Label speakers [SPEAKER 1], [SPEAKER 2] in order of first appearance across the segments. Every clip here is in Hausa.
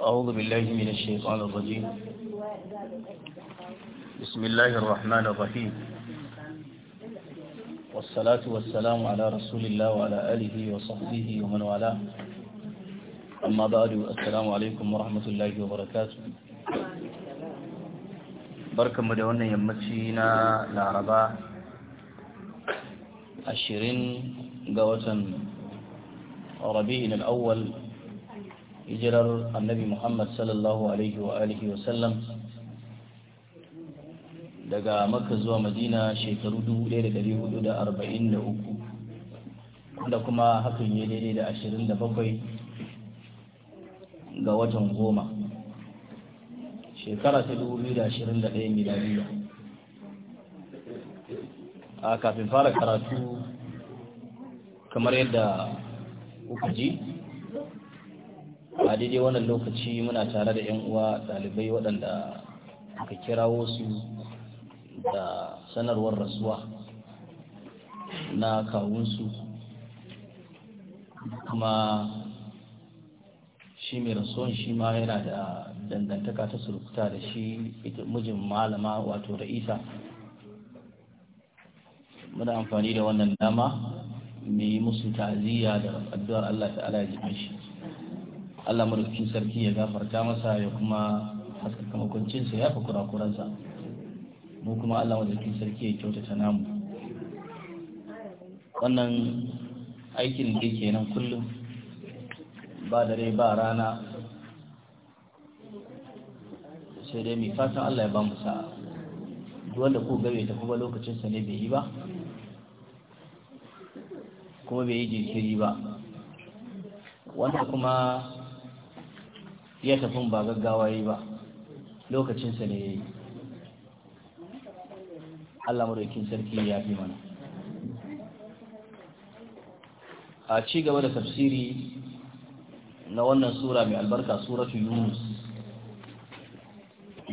[SPEAKER 1] أعوذ بالله من الشيطان الرجيم بسم الله الرحمن الرحيم والصلاة والسلام على رسول الله وعلى آله وصحبه ومن والاه أما بعد السلام عليكم ورحمة الله وبركاته بركة مدونة يمتشينا لعربا عشرين قوة ربيعنا الأول hijirar annabi muhammad sallallahu alaihi wa alihi sallam, daga makka zuwa madina shekaru 1443 wanda kuma hakan ya daidai da 27 ga watan goma shekara ta 2021 miladiya a kafin fara karatu kamar yadda kuka ji a daidai wannan lokaci muna tare da 'yan uwa dalibai waɗanda aka kirawo su da sanarwar rasuwa na kawunsu kuma shi mai rasuwan shi ma yana da dangantaka ta surukuta da shi mijin malama wato ra'isa muna amfani da wannan dama mai musu ta'aziyya da addu'ar Allah ta'ala ya ji shi Allah madaukakin sarki ya gafarta masa ya kuma haskaka makuncinsa ya fi kurakuransa mu kuma Allah madaukakin sarki ya kyautata namu wannan aikin da yake nan kullum ba dare ba rana sai dai mai fatan Allah ya ba mu sa'a duk wanda ku gabe ta kuma lokacinsa ne bai yi ba kuma bai yi jinkiri ba wanda kuma ya tafi ba gaggawa yi ba lokacinsa ne ya yi Allah madaukin sarki ya fi mana a ci gaba da tafsiri na wannan sura mai albarka suratu yunus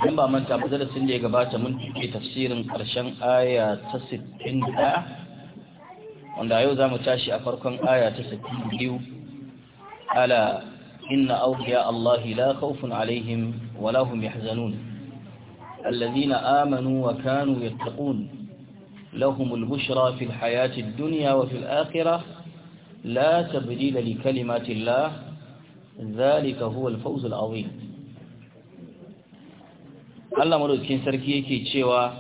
[SPEAKER 1] in ba manta ba darasin da ya gabata mun ke tafsirin karshen aya ta 61 wanda yau za mu tashi a farkon aya ta 62 ala إن أولياء الله لا خوف عليهم ولا هم يحزنون الذين آمنوا وكانوا يتقون لهم البشرى في الحياة الدنيا وفي الآخرة لا تبديل لكلمات الله ذلك هو الفوز العظيم Allah مرد كين سركيكي cewa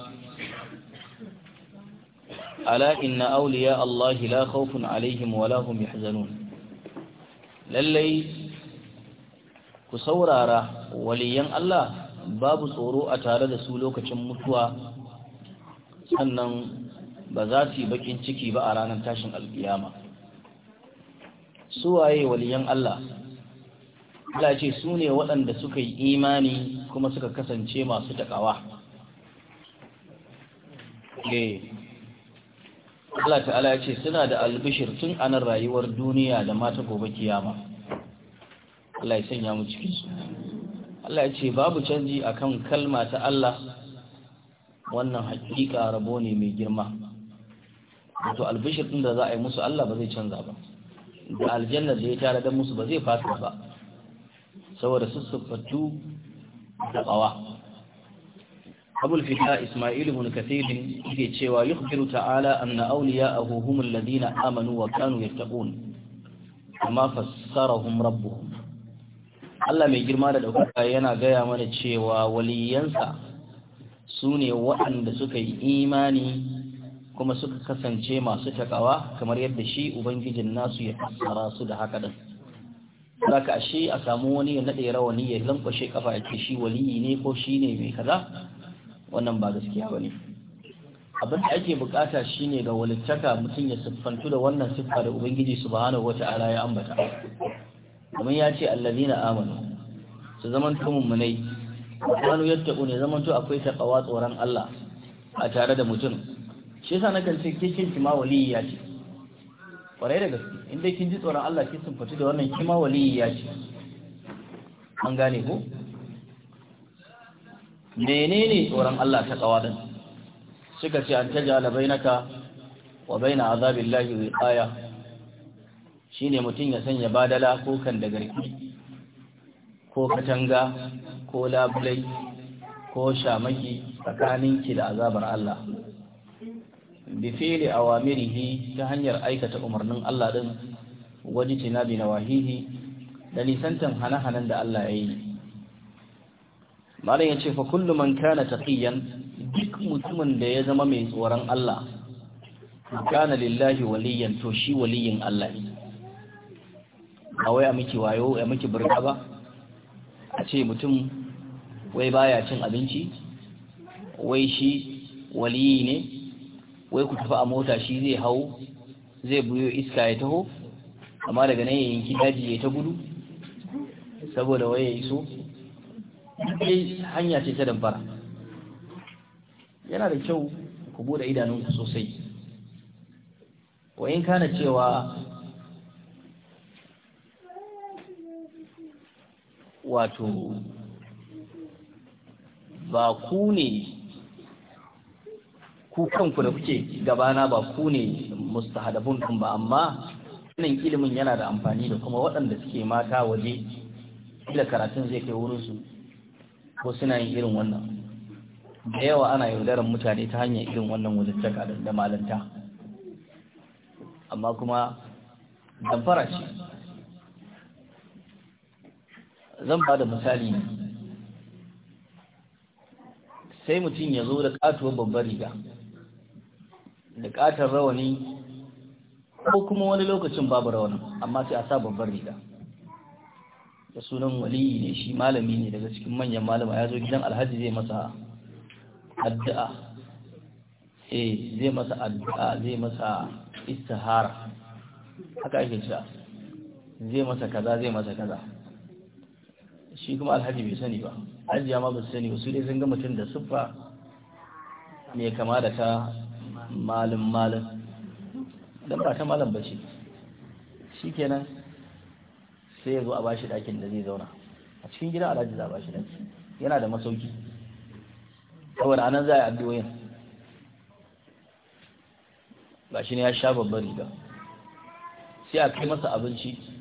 [SPEAKER 1] ألا إن أولياء الله لا خوف عليهم ولا هم يحزنون للي ku saurara waliyan Allah babu tsoro a tare da su lokacin mutuwa sannan ba za su yi bakin ciki ba a ranar tashin alkiyama suwaye waliyan Allah Allah ce su ne waɗanda suka yi imani kuma suka kasance masu takawa eh, Allah ta'ala ya ce suna da albishir tun anan rayuwar duniya da mata gobe kiyama Allah ya sanya mu cikin su Allah ya ce babu canji akan kalma ta Allah wannan hakika rabo ne mai girma wato albishir din da za a yi musu Allah ba zai canza ba da aljanna da ya tare da musu ba zai fasa ba saboda sussuffatu da bawa abul fita isma'il ibn kathir yake cewa yukhbiru ta'ala anna awliya'ahu humul ladina amanu wa kanu yattaqun kama fassarahum rabbuhum Allah mai girma da ɗaukaka yana gaya mana cewa waliyansa su ne waɗanda suka yi imani kuma suka kasance masu takawa kamar yadda shi ubangijin nasu ya fassara su da haka Za ka ashe a samu wani ya naɗe rawani ya lankwashe kafa ya ce shi waliyi ne ko shi ne mai kaza wannan ba gaskiya ba ne. abin da ake bukata ne ga walittaka mutum ya siffantu da wannan siffa da ubangiji subhanahu wataala ya ambata domin ya ce na amanu su zaman to mummunai Wani yattaqu ne zaman to akwai taqwa tsoron Allah a tare da mutum shi yasa na kan ce kishin kima ya ce kwarai da gaske inda kin ji tsoron Allah ki sun fito da wannan kima ya ce an gane ko menene tsoron Allah ta kawadan suka ce an tajala bainaka wa baina azabillahi wiqaya Shi ne mutum ya sanya badala ko kan da garki ko katanga ko labulai ko shamaki ki da azabar Allah bi fi'li awamirihi ta hanyar aikata umarnin Allah din waji na wahihi da nisantan hana-hanan da Allah ya yi malam ya ce fa kullum man kana taqiyan duk mutumin da ya zama mai tsoron Allah kana lillahi waliyan to shi waliyin Allah ne a miki wayo ya miki birka ba a ce mutum wai baya cin abinci wai shi waliyi ne wai ku tafi a mota shi zai hau zai buyo iska ya taho amma daga nan ya ki daji ya ta gudu saboda wai ya iso dai hanya ce ta damfara yana da kyau ku bude idanunku sosai wa in kana cewa wato
[SPEAKER 2] ba ku ne
[SPEAKER 1] ku kanku da kuke gabana ba ku ne mustahadabun ɗin ba amma wannan ilimin yana da amfani da kuma waɗanda suke mata waje da karatun zai kai wurinsu ko suna yin irin wannan da yawa ana yaudarar mutane ta hanyar irin wannan wajattaka da malanta amma kuma damfara ce zan ba da misali sai mutum ya zo da katuwar babbar riga da katar rawani ko kuma wani lokacin babu rawanin amma sai a sa babbar riga da sunan waliyi ne shi malami ne daga cikin manyan malama ya zo gidan alhaji zai masa addu'a eh zai masa addu'a zai masa istihara haka ake cewa zai masa kaza zai masa kaza shi kuma alhaji bai sani ba hajiya ma ba su sani ba su dai sun ga mutum da siffa mai kama da ta malin malin don ba ta malam ba ce shi kenan sai ya zo a bashi ɗakin da zai zauna a cikin gidan alhaji za a bashi ɗaki yana da masauki saboda anan za a yi addu'o'in ba shi ne ya sha babban riga sai a kai masa abinci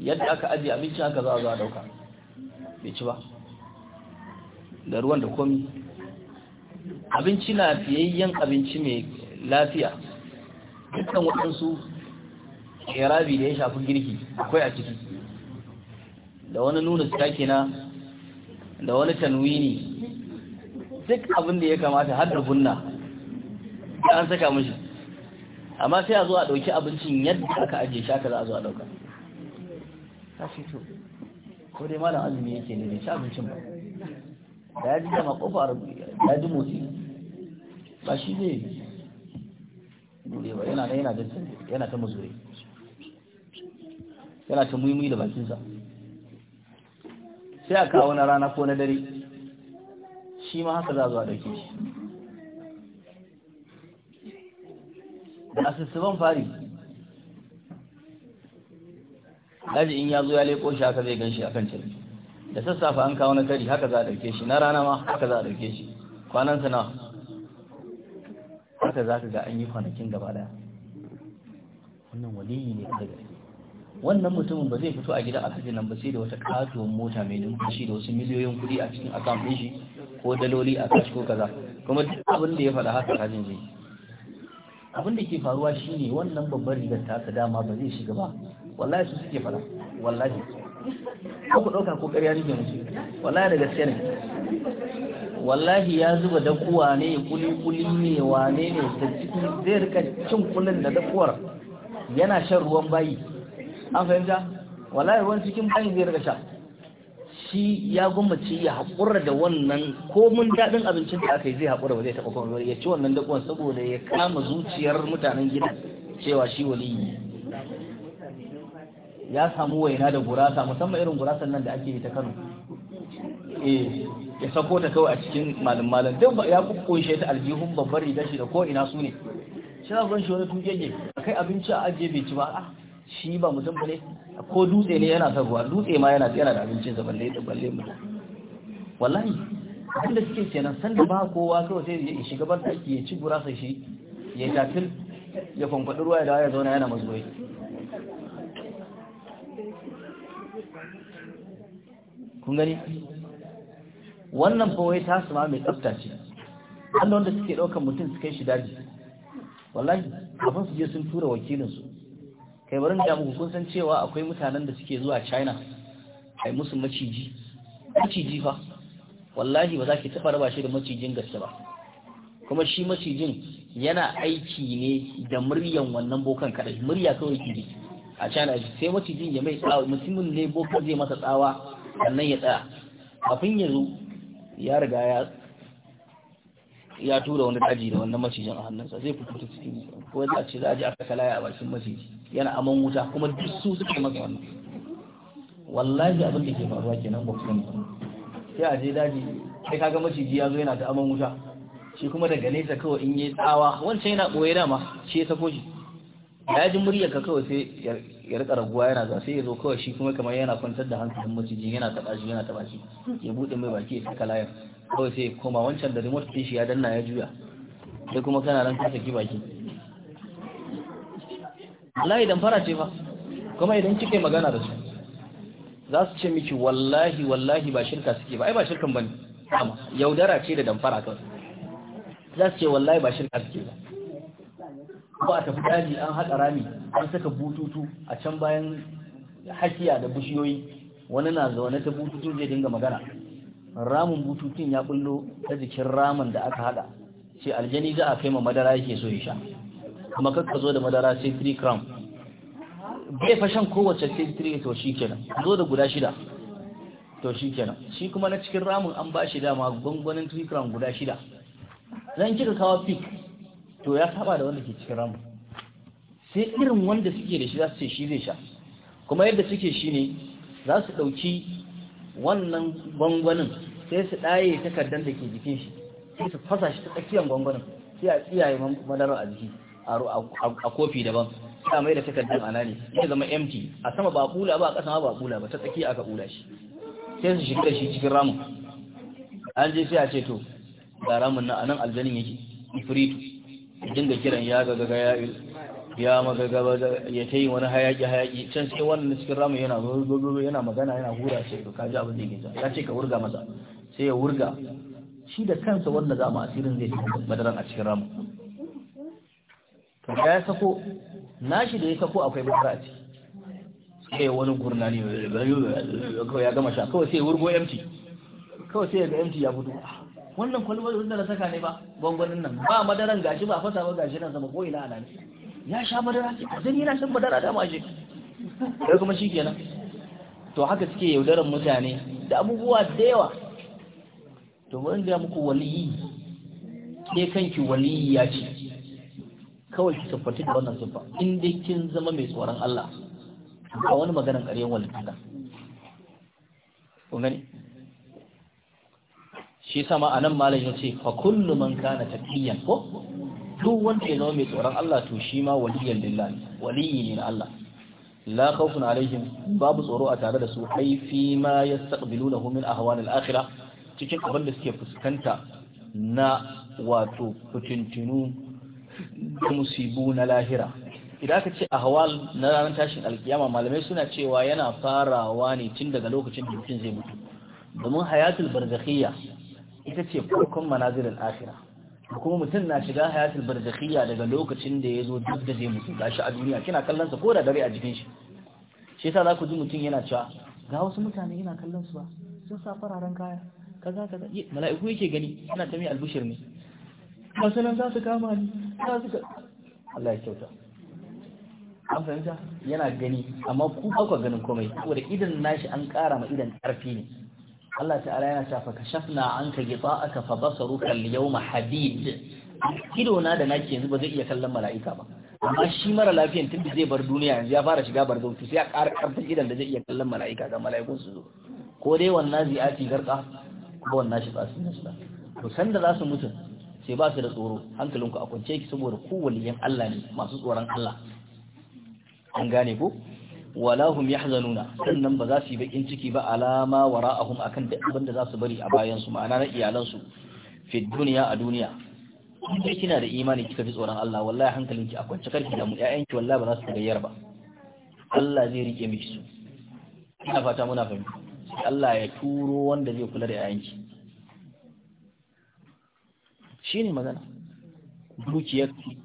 [SPEAKER 1] yadda aka ajiye abinci haka za a zo a dauka bai ci ba da ruwan da komi abinci na fiyayyen abinci mai lafiya dukkan waɗansu ƙerabi da ya shafi girki akwai a ciki da wani nuna stakina da wani tanwini duk abin da ya kamata har da bunna an saka mashi amma sai a zo a ɗauki abincin yadda aka ajiye shaka za a zo a ɗauka ta to ko dai malam azumi yake ne da ci abincin ba da ya ji a rubu ya ji motsi ba shi zai dure ba yana da yana da yana ta mazuri yana ta muhimmi da bakinsa sai a kawo na rana ko na dare shi ma haka za zuwa ɗauke shi da asusuban fari daji in ya zo ya leko shi haka zai gan shi akan cirki da sassafe an kawo na kari haka za a ɗauke shi na rana ma haka za a ɗauke shi kwanan sana haka za ka ga an yi kwanakin gaba daya wannan waliyi ne a daga wannan mutumin ba zai fito a gidan asibitin nan ba sai da wata katuwar mota mai numfashi da wasu miliyoyin kuɗi a cikin akam ɗin shi ko daloli a kashi ko kaza kuma duk abin da ya faɗa haka kajin jini abin da ke faruwa shine wannan babbar rigar ta dama ba zai shiga ba wallahi su suke fara wallahi ko ku ɗauka ko ƙarya nake musu wallahi da gaske ne wallahi ya zuba kuwa ne kuli kuli ne wane ne da ciki zai rika cin kulin da dakuwar yana shan ruwan bayi an fahimta wallahi ruwan cikin bayin zai rika sha shi ya gwammace ya haƙura da wannan komin daɗin abincin da aka yi zai haƙura ba zai taɓa kwanwar ya ci wannan dakuwan saboda ya kama zuciyar mutanen gida cewa shi waliyi ya samu waina da gurasa musamman irin gurasan nan da ake yi ta Kano eh ya sako ta kawai a cikin malam malam duk ya kukkoshe ta aljihun babbar rigar shi da ko ina su ne shi za ku shi wani a kai abinci a ajiye bai ci ba a ah, shi ba mutum ba ne ko dutse ne yana sabuwa dutse ma yana tsira da abincin sa balle da balle mutum wallahi abinda suke kenan san da ba kowa kawai sai ya shiga ban ɗaki ya ci gurasa shi ya tafil ya kwankwaɗi ruwa ya dawo ya zauna yana mazuwai kun gani wannan fawai ta su ma mai tsafta ce wanda wanda suke ɗaukar mutum su kai shi daji wallahi abin su je sun tura wakilinsu kai barin da muku kun san cewa akwai mutanen da suke zuwa china ai musu maciji maciji fa wallahi ba za ki taɓa raba shi da macijin gaske ba kuma shi macijin yana aiki ne da muryan wannan bokan kaɗai. murya kawai ki a can a sai macijin ya mai tsawa mutumin ne boko zai masa tsawa sannan ya tsaya kafin ya zo ya riga ya ya tura wani daji da wannan macijin a hannunsa zai fito ta cikin ko za a ce za a ji aka kalaya a bakin maciji yana aman wuta kuma duk su suka masa wannan wallahi abin da ke faruwa kenan ba ku sani sai a je daji sai kaga maciji ya zo yana ta aman wuta shi kuma daga nesa kawai in yi tsawa wancan yana ɓoye dama shi ya sako shi ya ji murya ka kawai sai ya rika raguwa yana zuwa sai ya zo kawai shi kuma kamar yana kwantar da hankalin macijin yana taba shi yana taba shi ya bude mai baki ya saka layan kawai sai koma wancan da remote din shi ya danna ya juya sai kuma kana nan ka saki baki wallahi dan fara ce fa kuma idan kike magana da su za su ce miki wallahi wallahi ba shirka suke ba ai ba shirkan bane yaudara ce da damfara kawai za su ce wallahi ba shirka suke ba ko a tafi daji an haɗa rami an saka bututu a can bayan hakiya da bishiyoyi wani na zaune ta bututu zai dinga magana ramin bututun ya ɓullo ta jikin ramin da aka haɗa ce aljani za a kai ma madara yake so ya sha kuma kakka zo da madara sai 3 gram bai fashan kowace sai 3 to shi kenan zo da guda shida to shi kenan shi kuma na cikin ramin an ba shi dama gwangwanin 3 gram guda shida zan kika kawo pik to ya saba da wanda ke cikin ramu sai irin wanda suke da shi za su ce shi zai sha kuma yadda suke shi ne za su ɗauki wannan gwangwanin sai su ɗaye takardar da ke jikin shi sai su fasa shi ta tsakiyar gwangwanin sai a tsiyaye madarar a jiki a kofi daban sai a mai da takardar ana ne sai zama empty a sama ba kula ba a ƙasa ba kula ba ta tsaki aka kula shi sai su shiga shi cikin ramin an je sai a ce to ga ramin nan nan aljanin yake ifritu dinga kiran ya gagaga ya ya magagaba ya ta yi wani hayaki hayaki can sai wannan cikin ramu yana yana magana yana hura sai ka ji abin da yake ya ce ka wurga masa sai ya wurga shi da kansa wanda za mu asirin zai tafi madaran a cikin ramu to ya sako nashi da ya sako akwai madara sai wani gurna ne ya gama sha kawai sai ya wurgo empty kawai sai ya ga empty ya fito wannan kwalbar da na saka ne ba gwangwanin nan ba madaran gashi ba fasa ba gashi nan sama koyi na a nan ya sha madara ce a zan yana shan madara da mashi ya kuma shi kenan to haka suke yaudaran mutane da abubuwa da yawa to wurin ga muku waliyi ke kanki waliyi ya ce kawai ki tabbata da wannan siffa in dai kin zama mai tsoron Allah a wani maganar ƙaryen walittaka kun gani shi sama a nan malam ya ce fa kullu man kana taqiyan ko duk wanda ya zama mai tsoron Allah to shi ma waliyan lillahi waliyi ne na Allah la khawfun alaihim babu tsoro a tare da su ai fi ma yastaqbilunahu min ahwan al-akhirah cikin abin da suke fuskanta na wato fitintinu da musibu na lahira idan aka ce ahwal na ranar tashin alkiyama malamai suna cewa yana farawa ne tun daga lokacin da mutum zai mutu domin hayatul barzakhiyya ita ce farkon manazirin akhira kuma mutum na shiga hayatul barzakhiyya daga lokacin da yazo duk da zai mutu gashi a duniya kina kallon sa ko da dare a jikin shi shi yasa za ku ji mutum yana cewa ga wasu mutane ina kallon su ba sun sa fararen kaya kaza kaza mala'iku yake gani ina ta mai albushir ne masu nan za su kama ni za su Allah ya kyauta an fahimta yana gani amma ku ba ganin komai saboda idan nashi an kara ma idan karfi ne Allah ta'ala yana shafa kashafna an ka gita aka fa basaru kal yawma hadid ido na da nake yanzu ba zai iya kallon mala'ika ba amma shi mara lafiyan tun da zai bar duniya yanzu ya fara shiga bar to sai a ƙara ƙarfin idan da zai iya kallon mala'ika ga mala'ikun su zo ko dai wannan zi'ati garka ko wannan shi su na shiga to da za su mutu sai ba su da tsoro hankalinku a kwance ki saboda kowanne yan Allah ne masu tsoron Allah an gane ko wala hum yahzanuna sannan ba za su yi bakin ciki ba alama wara'ahum akan duk abin da za su bari a bayan su ma'ana na iyalan su fi duniya a duniya in kina da imani kika fi tsoron Allah wallahi hankalinki a kwance karki da mu ƴaƴanki wallahi ba za su gayyar ba Allah zai rike miki su ina fata muna fahimta sai Allah ya turo wanda zai kula da ƴaƴanki shine magana dukiyarki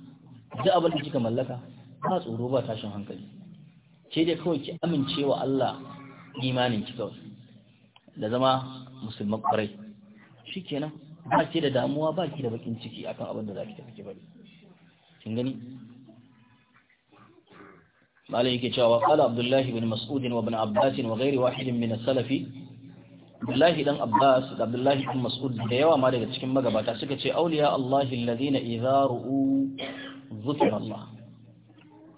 [SPEAKER 1] duk abin da kika mallaka ba tsoro ba tashin hankali ce dai kawai ki amincewa Allah imanin ki kawai da zama musulman kwarai shikenan ba ki da damuwa ba ki da bakin ciki akan abin da ki tafi ki bari kin gani malai yake cewa qala abdullah ibn mas'ud wa ibn abbas wa ghairi wahid min as-salafi abdullah dan abbas da abdullah ibn mas'ud da yawa ma daga cikin magabata suka ce auliya allah alladhina idza ru'u dhukira allah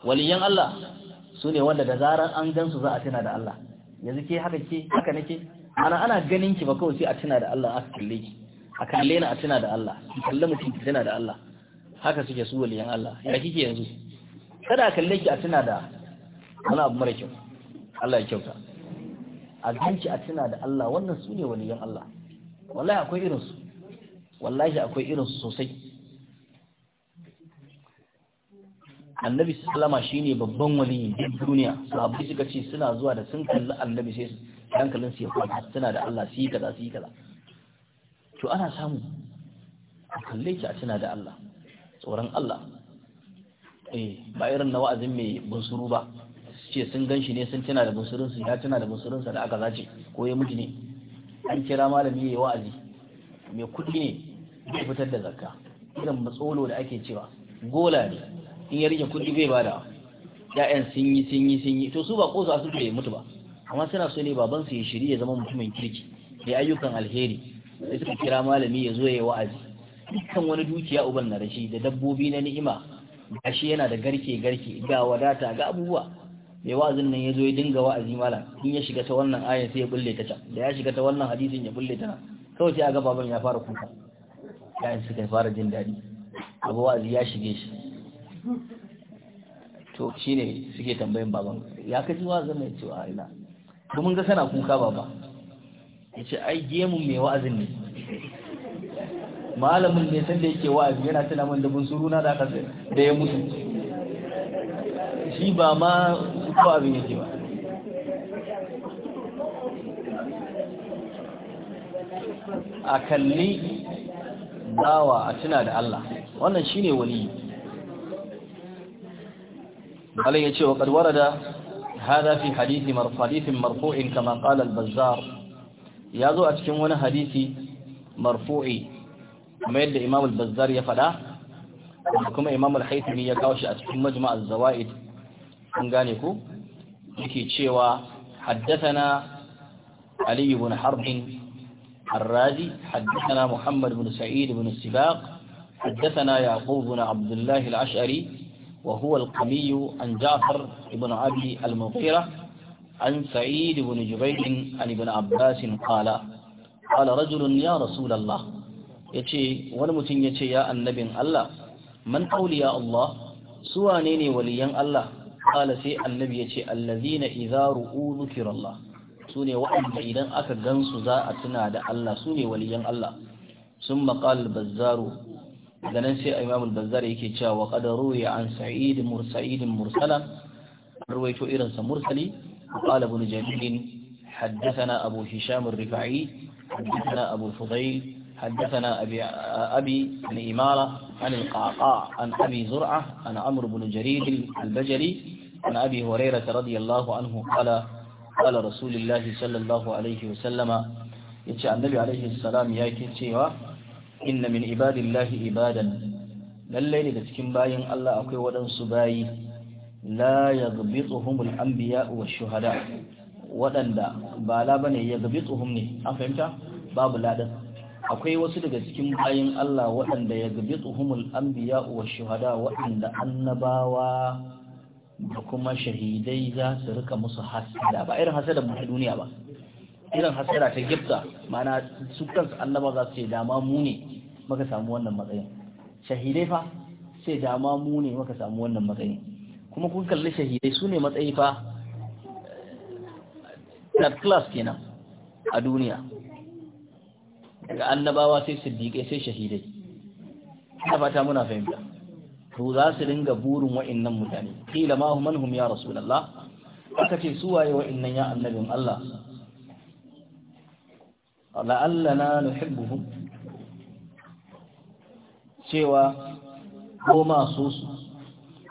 [SPEAKER 1] waliyan allah su ne wanda da zarar an gansu za a tuna da Allah yanzu ke haka ke haka nake ana ana ganin ki ba kawai sai a tuna da Allah aka kalle ki a kalle na a tuna da Allah kalle mu ki tuna da Allah haka suke su waliyan Allah ya kike yanzu kada a kalle ki a tuna da wani abu mara kyau Allah ya kyauta a ki a tuna da Allah wannan su ne waliyan Allah wallahi akwai irinsu wallahi akwai irinsu sosai annabi sallama shine babban waliyi duk duniya sahabbai suka ce suna zuwa da sun kalli annabi sai hankalin su ya kwanta suna da Allah su yi kaza su yi kaza to ana samu a kalle ki a tana da Allah tsoron Allah eh ba irin na wa'azin mai bunsuru ba Su ce sun gan shi ne sun tuna da bunsurun su ya tuna da bunsurun sa da aka zace ko ya miji ne an kira malami ya wa'azi mai kudi ne ya fitar da zakka irin matsolo da ake cewa gola ne in ya rike kudi bai bada ya'yan sun yi sun yi sun yi to su ba ko su asibiti ya mutu ba amma suna so ne baban su ya shiri ya zama mutumin kirki da ayyukan alheri sai suka kira malami ya zo ya yi wa'azi dukkan wani dukiya uban na rashi da dabbobi na ni'ima shi yana da garke garke ga wadata ga abubuwa mai wa'azin nan ya zo ya dinga wa'azi malam in ya shiga ta wannan ayan sai ya bulle ta can da ya shiga ta wannan hadisin ya bulle ta nan kawai sai a ga baban ya fara kuka yayin suka fara jin daɗi abu wa'azi ya shige shi to shine suke tambayin baban ya kaji wa'azin mai cewa ila domin ga sana kuka baba ya ce ai gemun mai wa'azin ne malamin ne sanda yake wa'azi yana tana man dabin suruna da aka da ya mutu
[SPEAKER 2] shi ba ma ko abin yake ba a kalli
[SPEAKER 1] bawa a tuna da Allah wannan shine wani. ya ce wa qad da hada fi hadisi marfadifin marfu'in kama qala al-bazzar a cikin wani hadisi marfu'i kuma yadda imam al-bazzar ya faɗa kuma imam al-haythami ya kawo shi a cikin majma' az-zawaid an yake cewa haddathana ali ibn harb الرازي حدثنا محمد بن سعيد بن السباق حدثنا يعقوب بن عبد الله العشعري وهو القبي عن جعفر بن أبي المغيرة عن سعيد بن جبير عن ابن عباس قال قال رجل يا رسول الله يتي ونمتن يتي يا النبي الله من أولياء الله سوانيني وليا الله قال سي النبي يتي الذين إذا رؤوا ذكر الله سوني وأن إذا أكا جنس ذا أتنا الله سوني وليا الله ثم قال البزار ganin sai imam al-banzari yake cewa wa qad ruwiya an sa'id mursaid mursala ruwayto irin sa mursali qala ibn jabir haddathana abu hisham ar-rifa'i haddathana abu fudayl حدثنا أبي, أبي عن إمارة عن القعقاع عن أبي زرعة عن عمر بن جريد البجري عن أبي هريرة رضي الله عنه قال قال رسول الله صلى الله عليه وسلم inna min ibadillahi ibadan lallai daga cikin bayin Allah akwai waɗansu bayi la yaghbituhumul anbiya wa shuhada waɗanda ba la bane yaghbituhum ne an fahimta babu ladan akwai wasu daga cikin bayin Allah waɗanda yaghbituhumul anbiya wa shuhada waɗanda annabawa da kuma shahidai za su rika musu hasada ba irin hasadar mu duniya ba irin hasira ta gifta mana su kansu annaba za su ce dama mu ne muka samu wannan matsayin shahidai fa sai dama mu ne muka samu wannan matsayin kuma kun kalli shahidai su ne matsayi fa eh, third class kenan a duniya daga annabawa sai siddiƙai sai shahidai ta fata muna fahimta to za su dinga burin wa'annan mutane kila ma hum ya rasulullah aka ce su waye wa'annan ya annabin Allah na la'allana nuhibbuhum cewa ko masu su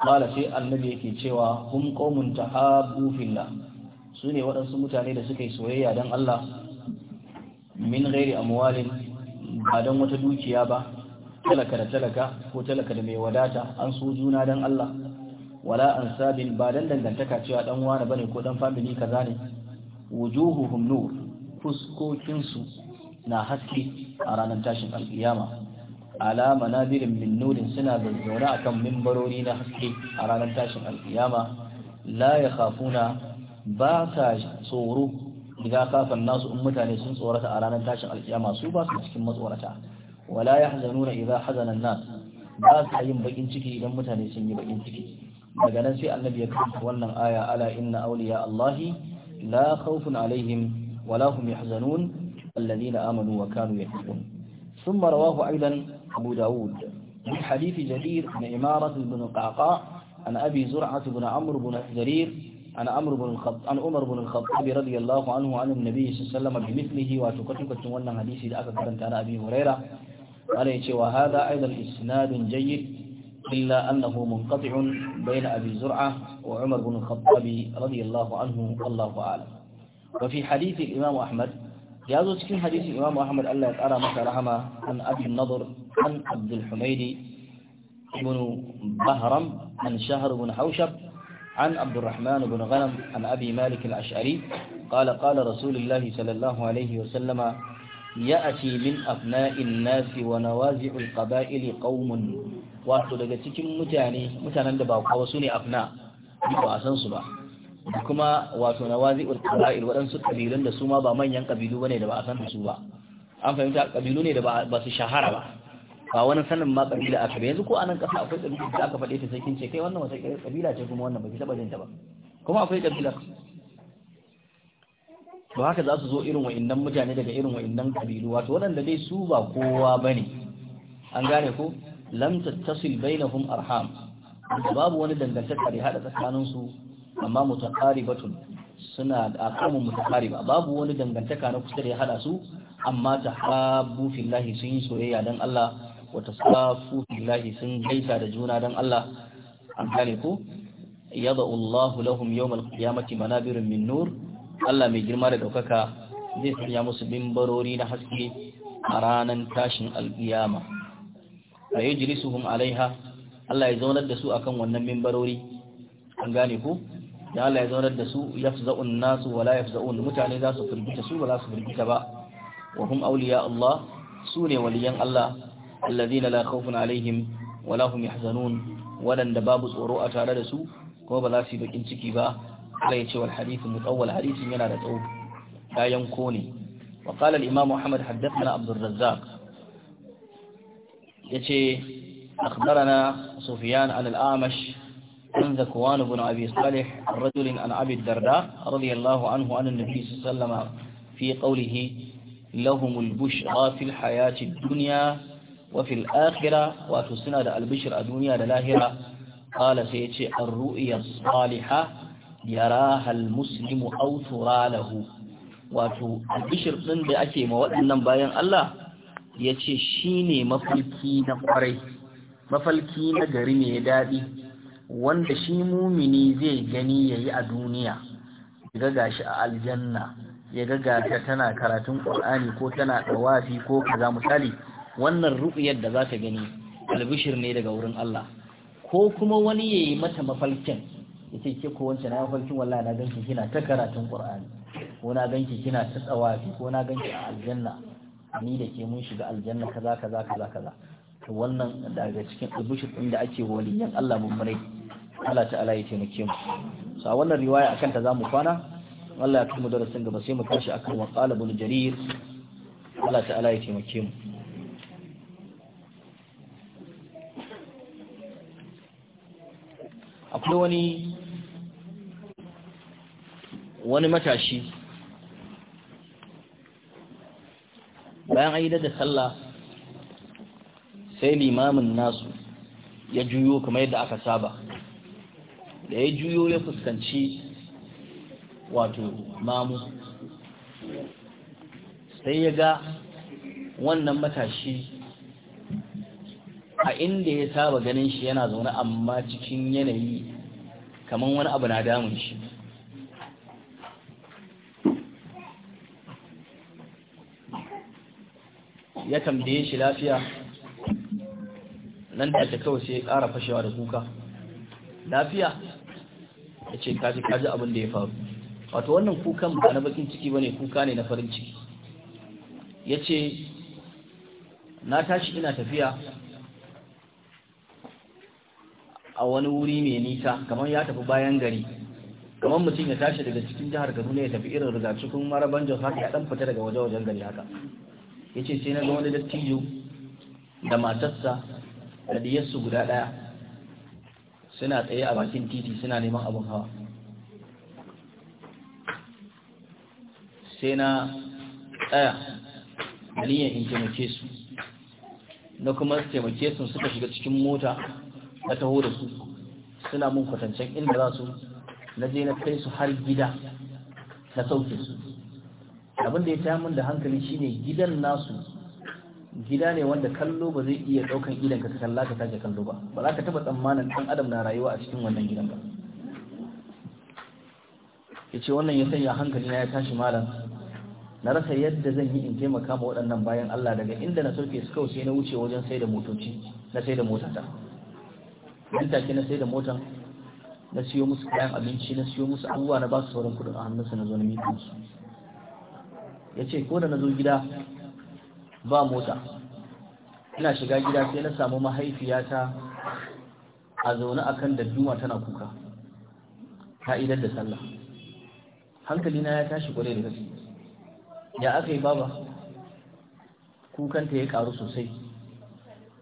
[SPEAKER 1] mala sai annabi yake cewa hum qaumun tahabbu fillah su ne waɗansu mutane da suka yi soyayya don Allah min ghairi amwalin ba don wata dukiya ba talaka da talaka ko talaka da mai wadata an so juna don Allah wala ansabin ba don dangantaka cewa dan wani bane ko dan family kaza ne wujuhuhum nur fuskokinsu na haske a ranar tashin alkiyama Alama na min nurin suna zazzaune kan mimbarori na haske a ranar tashin alkiyama la ya kafuna, ba ka tsoro idan kafan nasu in mutane sun tsorata a ranar tashin alkiyama su ba su cikin matsorata wala ya na idan hazanan nas ba sa yin bakin ciki idan mutane sun yi bakin ciki daga nan sai annabi ya karanta wannan aya ala inna awliya allahi la khawfun alaihim ولا هم يحزنون الذين آمنوا وكانوا يحزنون ثم رواه أيضا أبو داود من حديث جرير بن إمارة بن القعقاع عن أبي زرعة بن عمرو بن جرير عن عمرو بن الخطاب عن عمر بن الخطاب رضي الله عنه عن النبي صلى الله عليه وسلم بمثله وتكتكت wannan حديث da aka عن أبي هريرة Huraira وهذا أيضا إسناد جيد إلا أنه منقطع بين أبي زرعة وعمر بن الخطاب رضي الله عنه الله أعلم wa fi hadisi imam ahmad ya zo cikin hadisin imam ahmad Allah ya tsara masa rahama an abi nadhr an abdul humaidi ibn bahram an shahr ibn haushab عن عبد الرحمن بن غنم عن أبي مالك الأشعري قال قال رسول الله صلى الله عليه وسلم يأتي من أبناء الناس ونوازع القبائل قوم wato daga cikin mutane mutanen da ba kawo su ne afna ba ba da kuma wato nawazi'ul qaba'il waɗansu kabilun da su ma ba manyan kabilu bane da ba a san su ba an fahimta kabilu ne da ba su shahara ba ba wani sanin ma kabila aka ba yanzu ko anan kasa akwai kabila da aka faɗe ta sai kin ce kai wannan wata kabila ce kuma wannan ba ki taba ta ba kuma akwai kabila to haka za su zo irin wa'annan mutane daga irin wa'annan kabilu wato waɗanda dai su ba kowa bane an gane ko lam tattasil bainahum arham babu wani dangantaka da hada tsakanin su amma mutaqaribatun suna akamun mutaqariba babu wani dangantaka na kusa da ya hada su amma tahabbu fillahi sun yi soyayya dan Allah wa tasafu fillahi sun gaisa da juna dan Allah an gane ko yada'u Allah lahum yawmal qiyamati manabirin min nur Allah mai girma da daukaka zai sanya musu bimbarori na haske a ranar tashin al a yi jilisuhun alaiha Allah ya zaunar da su akan wannan mimbarori an gane ku da Allah ya zaunar da su yafza'un nasu wala yafza'un mutane za su firgita su ba za su firgita ba wa hum awliya Allah su ne waliyan Allah alladhina la khawfun alaihim wala hum yahzanun wadanda babu tsoro a tare da su kuma ba za su yi bakin ciki ba Allah ya ce wal hadithu mutawwal hadisin yana da tsawo ya yanko ne wa qala al imam Muhammad haddathana Abdul Razzaq yace akhbarana Sufyan an al-Amash عن ذكوان بن أبي صالح رجل عن أبي الدرداء رضي الله عنه عن النبي صلى الله عليه وسلم في قوله لهم البشرى في الحياة الدنيا وفي الآخرة وتسنى البشر الدنيا للاهرة قال سيتي الرؤيا الصالحة يراها المسلم أو ترى له wato albishir ɗin da ake ma waɗannan bayan Allah ya ce shi ne mafarki na ƙwarai mafarki na gari mai daɗi wanda shi mumini zai gani yayi a duniya ga gashi a aljanna ya ga tana karatun ƙwar'ani ko tana ɗawafi ko kaza misali wannan ru'uyar da za ka gani albishir ne daga wurin Allah ko kuma wani ya yi mata mafalkin ya ce ke ko wancan na mafalkin wallahi na ganki kina ta karatun ƙwar'ani ko na ganki kina ta tsawafi ko na ganki a aljanna ni da ke mun shiga aljanna kaza kaza kaza kaza to wannan daga cikin albishir ɗin da ake waliyan Allah mummurai Allah ta'ala ya taimake mu sa wannan riwaya akan ta zamu kwana Allah ya kuma darasin gaba sai mu tashi akan wa qala ibn jarir Allah ta'ala ya taimake mu akwai wani wani matashi bayan an yi da sallah sai limamin nasu ya juyo kamar yadda aka saba da ya juyo ya fuskanci wato mamu sai ya ga wannan matashi a inda ya saba ganin shi yana zaune amma cikin yanayi kamar wani abu na damun shi ya tambaye shi lafiya nan da ta kawai sai ya ƙara fashewa da kuka lafiya ya ce kaji kaji abin da ya faru wato wannan kukan ba na bakin ciki bane kuka ne na farin ciki ya ce na tashi ina tafiya a wani wuri mai nisa kamar ya tafi bayan gari kamar mutum ya tashi daga cikin jihar kaduna ya tafi irin rigacikun maraban jos haka ya dan fita daga waje-wajen gari haka ya ce sai na zama wani dattijo da matarsa da diyarsu guda ɗaya suna tsaye a bakin titi suna neman abin hawa sai na tsaya niyan in taimake su na kuma taimake su suka shiga cikin mota na taho da su suna mun kwatancen inda za su na je na kai su har gida na sauke su abin da ya taya min da hankali shine gidan nasu gida ne wanda kallo ba zai iya daukan idan ka kalla ka sake kallo ba ba za ka taba tsammanin dan adam na rayuwa a cikin wannan gidan ba yace wannan ya sanya hankali na ya tashi malam na rasa yadda zan yi in taimaka ma waɗannan bayan Allah daga inda na sauke su kawai sai na wuce wajen sai da motoci na sai da motata nan take na sai da motan na siyo musu kayan abinci na siyo musu abubuwa na ba su sauran kuɗin a hannunsu na zo na ya ce ko da na zo gida ba mota ina shiga gida sai na samu mahaifiyata a zaune a akan dadduma tana kuka ta idar da sallah hankalina ya tashi kwarai da gaske ya aka yi baba kukanta ya karu sosai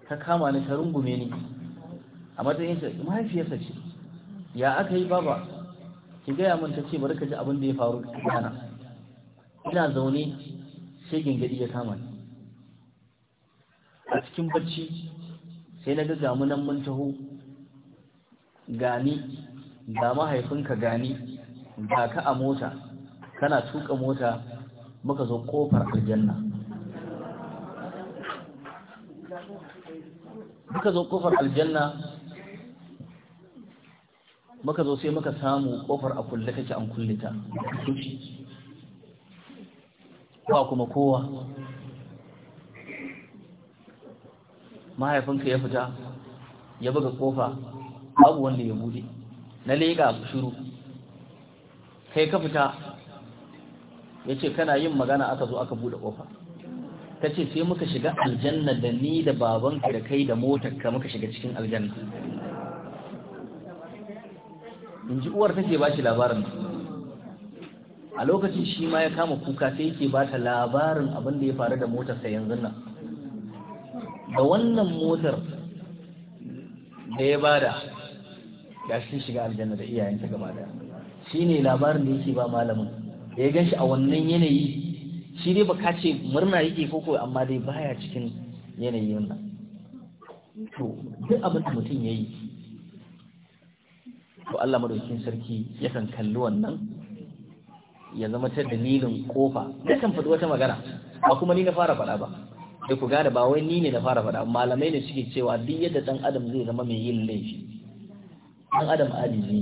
[SPEAKER 1] ta kama ni ta rungume ni a matsayin mahaifiyarsa ce ya aka yi baba ki gaya min ta ce bari ka ji abin da ya faru kana ina zaune sai gingadi ya kama ni a cikin bacci sai na ga damunan mun taho gani ga mahaifinka gani ga ka a mota kana tuka mota muka zo kofar aljanna
[SPEAKER 2] muka zo kofar aljanna
[SPEAKER 1] muka zo sai muka samu kofar a kulle kake an kullita ba kuma kowa mahaifinka ya fita ya buga kofa babu wanda ya bude na lega shiru kai ka fita ya ce kana yin magana aka zo aka bude kofa ta ce sai muka shiga aljanna da ni da babanka da kai da motarka muka shiga cikin aljanna in ji uwar take ba shi labarin a lokacin shi ma ya kama kuka sai yake ba ta labarin abin da ya faru da motarsa yanzu nan da wannan motar da ya bada da shi shiga aljanna da iyayenta gaba da shi ne labarin da yake ba malamin da ya ganshi a wannan yanayi shi dai baka ce murna yake koko amma dai baya cikin yanayin nan to duk abin da mutum yi? to Allah madaukin sarki yakan kalli wannan ya zama ta dalilin kofa yakan faɗi wata magana ba kuma ni na fara faɗa ba sai ku gane ba wai ni ne na fara faɗa malamai ne suke cewa duk yadda dan adam zai zama mai yin laifi dan adam ajiji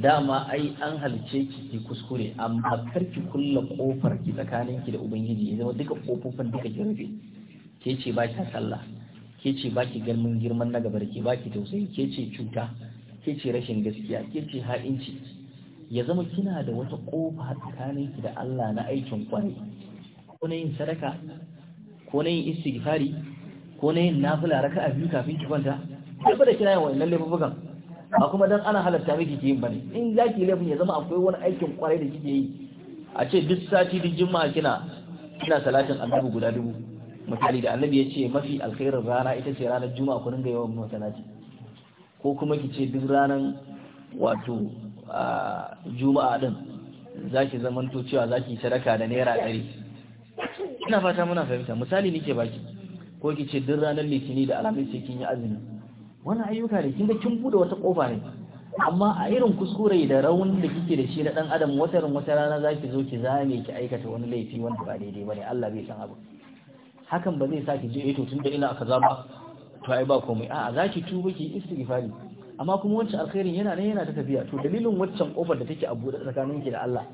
[SPEAKER 1] dama ai an halice ki ki kuskure amma kar ki kulla kofar ki tsakanin ki da ubangiji ya zama duka kofofin duka ki rufe ke ce ba ki sallah ke ce ba ki girman girman na gabar ki ba ki tausayi ke ce cuta ke ce rashin gaskiya ke ce ha'inci ya zama kina da wata kofa tsakanin ki da Allah na aikin kwarai ko yin sadaka ko na yin istighfari ko na yin nafila a biyu kafin ki kwanta ba da kira yawan lalle bubugan ba kuma dan ana halarta miki ki yin bane in zaki laifin ya zama akwai wani aikin kwarai da kike yi a ce duk sati duk juma'a kina kina salatin annabi guda dubu misali da annabi ya ce mafi alkhairin rana ita ce ranar juma'a ku dinga yawan masalati ko kuma ki ce duk ranar wato ah, juma'a din zaki zamanto cewa zaki sadaka da naira ɗari ina fata muna fahimta misali nake baki ko ki ce duk ranar litini da alamin sai kin yi azumi wannan ayyuka ne kin ga kin bude wata kofa ne amma a irin kuskure da raunin da kike da shi na dan adam wata ran wata rana zaki zo ki zame ki aikata wani laifi wanda ba daidai bane Allah bai san abu hakan ba zai sa ki je eh to tunda ina aka to ai ba komai a'a zaki tuba ki istighfari amma kuma wancan alkhairin yana nan yana ta tafiya to dalilin waccan kofar da take a buɗe tsakaninki da Allah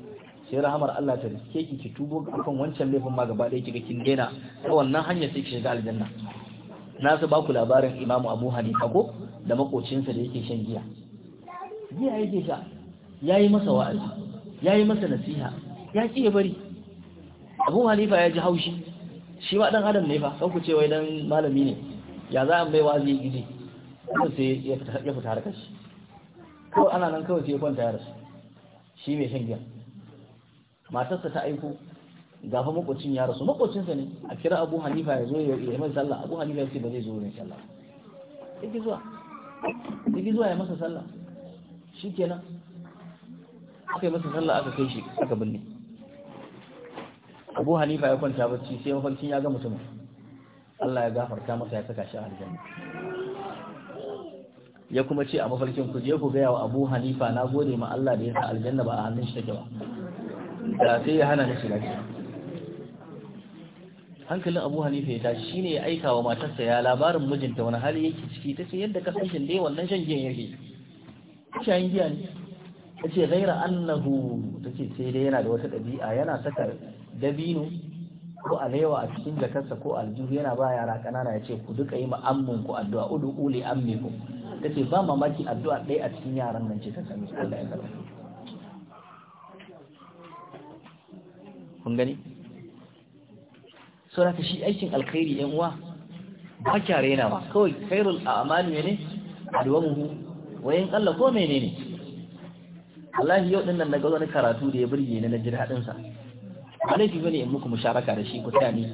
[SPEAKER 1] sai rahamar Allah ta riske ki ki tubo akan wancan laifin ma gaba ɗaya kiga kin daina ta wannan hanya sai ki shiga aljanna na su ba ku labarin Imam Abu Hanifa ko da makocinsa da yake shan giya giya yake sha yayi masa wa'azi yayi masa nasiha ya ki ya bari Abu Hanifa ya ji haushi shi ma dan adam ne fa kan ku ce wai dan malami ne ya za a bai wa'azi gidi sai ya fita harkar shi kawai ana nan kawai sai ya kwanta ya rasu shi mai shan giya matarsa ta aiko gafa makocin ya rasu makwacinsa ne a kira abu hanifa ya zo ya yi masa sallah abu hanifa ya ce ba zai zo wurin sallah yake zuwa yake zuwa ya masa sallah shi kenan aka yi masa sallah aka kai shi aka binne abu hanifa ya kwanta bacci sai mafarkin ya ga mutumin Allah ya gafarta masa ya saka shi a aljanna ya kuma ce a mafarkin ku je ku gaya wa abu hanifa na gode ma Allah da ya sa aljanna ba a hannun shi take ba
[SPEAKER 2] da sai ya hana ta shiga
[SPEAKER 1] hankalin abu hanifa ya tashi shine ya aika wa matarsa ya labarin mijinta wani hali yake ciki ta ce yadda kasancin dai wannan shan giyan yake shayin giya ne ta ce gaira annahu ta ce sai dai yana da wata ɗabi'a yana saka dabino ko alewa a cikin jakarsa ko aljihu yana ba yara ƙanana ya ce ku duka yi ma'ammin ku addu'a udu uli ku. ta ce ba mamaki addu'a ɗaya a cikin yaran nan ce ta sami Allah ya karɓa kun gani ta shi aikin alkhairi yan uwa ba kya rena ba kawai khairul a'mal ne adwamuhu wayan kalla ko menene wallahi yau din nan daga wani karatu da ya burge ni na jira din sa alaifi bane in muku musharaka da shi ku taya ni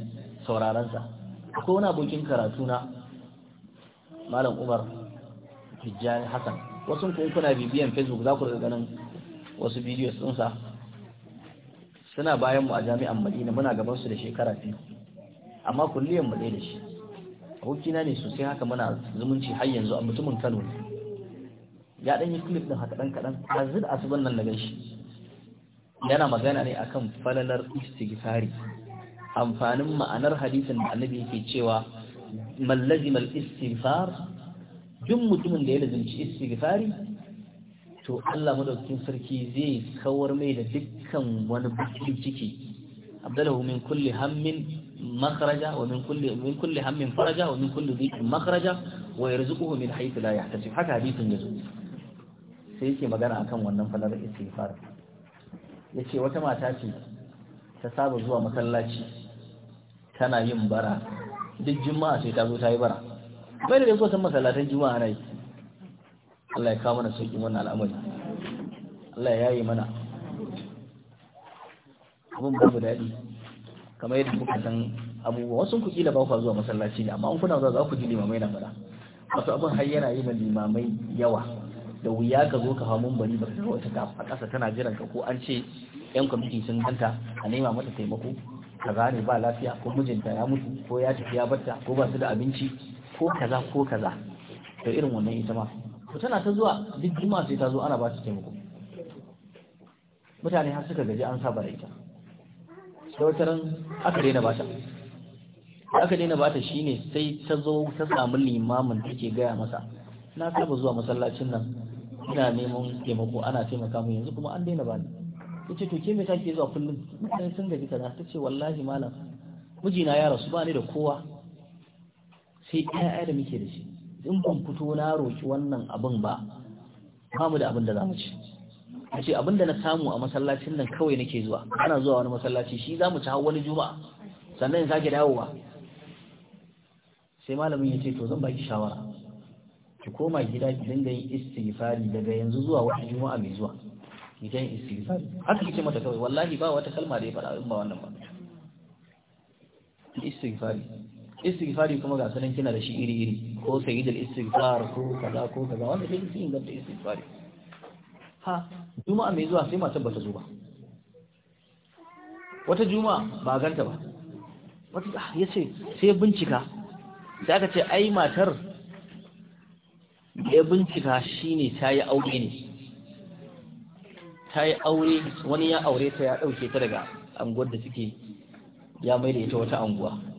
[SPEAKER 1] sauraron sa akwai wani abokin karatu na malam Umar Tijjani Hassan wasu kun kuna bibiyan Facebook za ku ga ganin wasu bidiyo sun sa suna bayan mu a jami'an madina muna gaban su da shekara biyu amma kulliyan mu da shi abokina ne sosai haka muna zumunci har yanzu a mutumin kano ne ya dan yi clip din haka dan kadan azid asuban nan na gaishe yana magana ne akan falalar istighfari amfanin ma'anar hadisin da annabi yake cewa man istighfar mutumin da ya lazimci istighfari to Allah madaukakin sarki zai kawar mai da dukkan wani bukin ciki abdalahu min kulli hammin makhraja wa min kulli min kulli hammin faraja wa min kulli dhiqin makhraja wa yarzuquhu min haythu la yahtasib haka hadithin yazo sai yake magana akan wannan falalar istighfar yace wata mata ce ta saba zuwa masallaci tana yin bara duk juma'a sai ta zo ta yi bara bai da so san masallatan juma'a nayi Allah ya kawo mana sauƙi wannan al'amari Allah ya yi mana abin babu daɗi kamar yadda kuka san abubuwa wasu ku kila ba ku zuwa masallaci ne amma an kuna za ku ji limamai na fara wasu abin har yana yi ma limamai yawa da wuya ka zo ka hamun bari ba ka wata a ƙasa tana jiran ka ko an ce yan kwamiti sun ganta a nema mata taimako kaza ne ba lafiya ko mijinta ya mutu ko ya tafi ya batta ko ba su da abinci ko kaza ko kaza To irin wannan ita ma ku tana ta zuwa duk juma sai ta zo ana ba ta taimako mutane har suka gaji an saba da ita da wata ran aka daina bata aka daina bata shine sai ta zo ta samu limamin da ke gaya masa na saba zuwa masallacin nan ina neman taimako ana taimaka mu yanzu kuma an daina bani ta ce toke ke take zuwa kullum mutane sun gaji kaza ta ce wallahi malam mijina ya rasu ba ni da kowa sai ɗaya da muke da shi in ban fito na roki wannan abin ba ba mu da abin da za mu ci a ce abin da na samu a masallacin nan kawai nake zuwa ana zuwa wani masallaci shi za mu ci har wani juma'a sannan in sake dawowa sai malamin ya ce to zan baki shawara ki koma gida ki dinga yin istighfari daga yanzu zuwa wata juma'a mai zuwa ki ta yin istighfari haka kike mata kawai wallahi ba wata kalma da ya faɗa in ba wannan ba istighfari istighfari kuma ga sanin kina da shi iri iri ko sayyidul istighfar ko kaza ko kaza wanda ke cikin inganta istighfari ha juma'a mai zuwa sai matar bata zo ba wata juma'a ba ganta ba wata ah yace sai bincika sai aka ce ai matar ya bincika shine ta yi aure ne ta yi aure wani ya aure ta ya ɗauke ta daga anguwar da suke ya mai da ita wata anguwa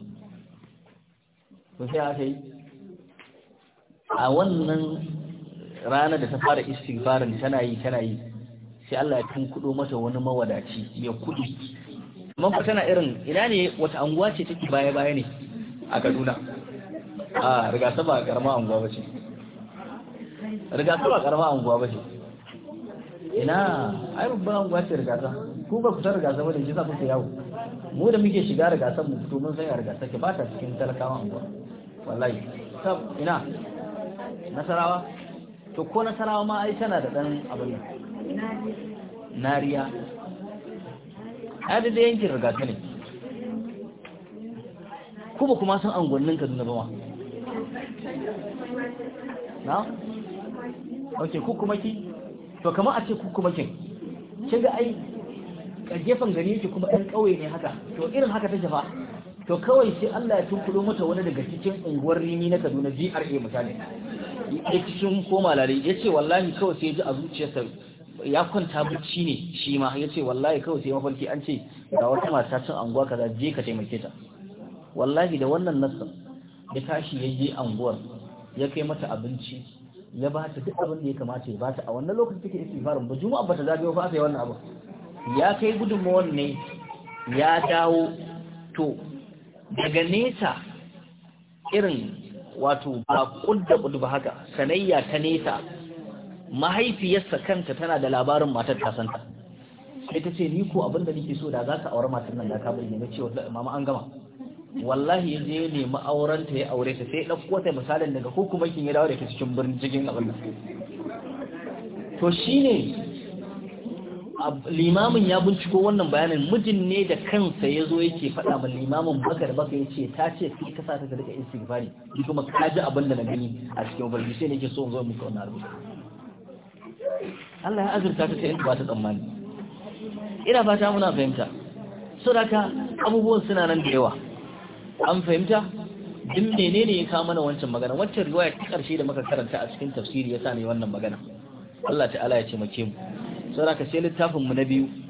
[SPEAKER 1] to sai aka yi a wannan ranar da ta fara istighfarin tana yi tana yi sai Allah ya kudo mata wani mawadaci ya kudi amma tana irin ina ne wata anguwa ce take baya baya ne a Kaduna a riga saba karama anguwa bace riga saba karama anguwa bace ina ai babban anguwa ce riga ta ku ba ku san riga saba da ji za ku yawo mu da muke shiga riga san mu fito mun san riga ke ba ta cikin talakawa anguwa wallahi sab ina nasarawa to ko nasarawa ma ai tana da dan abin nariya hadi da yankin ta ne
[SPEAKER 2] ko ba kuma san angonnin Kaduna ba ma na
[SPEAKER 1] ok ku kuma ki to kama a ce ku kuma kin kin ai a gefen gani yake kuma ɗan ƙauye ne haka to irin haka ta jafa to kawai sai Allah ya tunkulo mata wani daga cikin unguwar rimi na Kaduna GRA mutane ya sun koma malare ya ce wallahi kawai sai ya ji a zuciyarsa ya kwanta bacci ne shi ma ya ce wallahi kawai sai mafarki an ce ga wata mata cin anguwa kaza je ka taimake ta wallahi da wannan nassan ya tashi ya je anguwar ya kai mata abinci ya ba ta duk abin da ya kamata ya ba ta a wannan lokacin take istighfarin ba juma'a ba ta zabe ba sai wannan abu ya kai gudunmawar ne ya dawo to daga nesa irin wato ba kudda kudu ba haka sanayya ta nesa mahaifiyarsa kanta tana da labarin matar kasanta sai ta ce ni ko abin da nake so da za ka aure matar nan da ka bari ne ce wallahi mama an gama wallahi ya je nemi auren ta ya aure ta sai dauko ta misalin daga ko kuma kin ya dawo da ke cikin birnin cikin abin nan to shine limamin ya binciko wannan bayanin mijin ne da kansa ya zo yake faɗa ma limamin bakar baka ya ce ta ce sai ka sa ta daga istighfari ki kuma ka ji abin da na gani a cikin barci sai nake so in zo muku wannan rubutu Allah ya azurta ta kai ba ta tsammani ina fata muna fahimta saboda abubuwan suna nan da yawa an fahimta din menene ya kawo mana wancan magana wancan riwaya ta karshe da muka karanta a cikin tafsiri ya sa ne wannan magana Allah ta'ala ya ce mu saboda ka sai littafin mu na biyu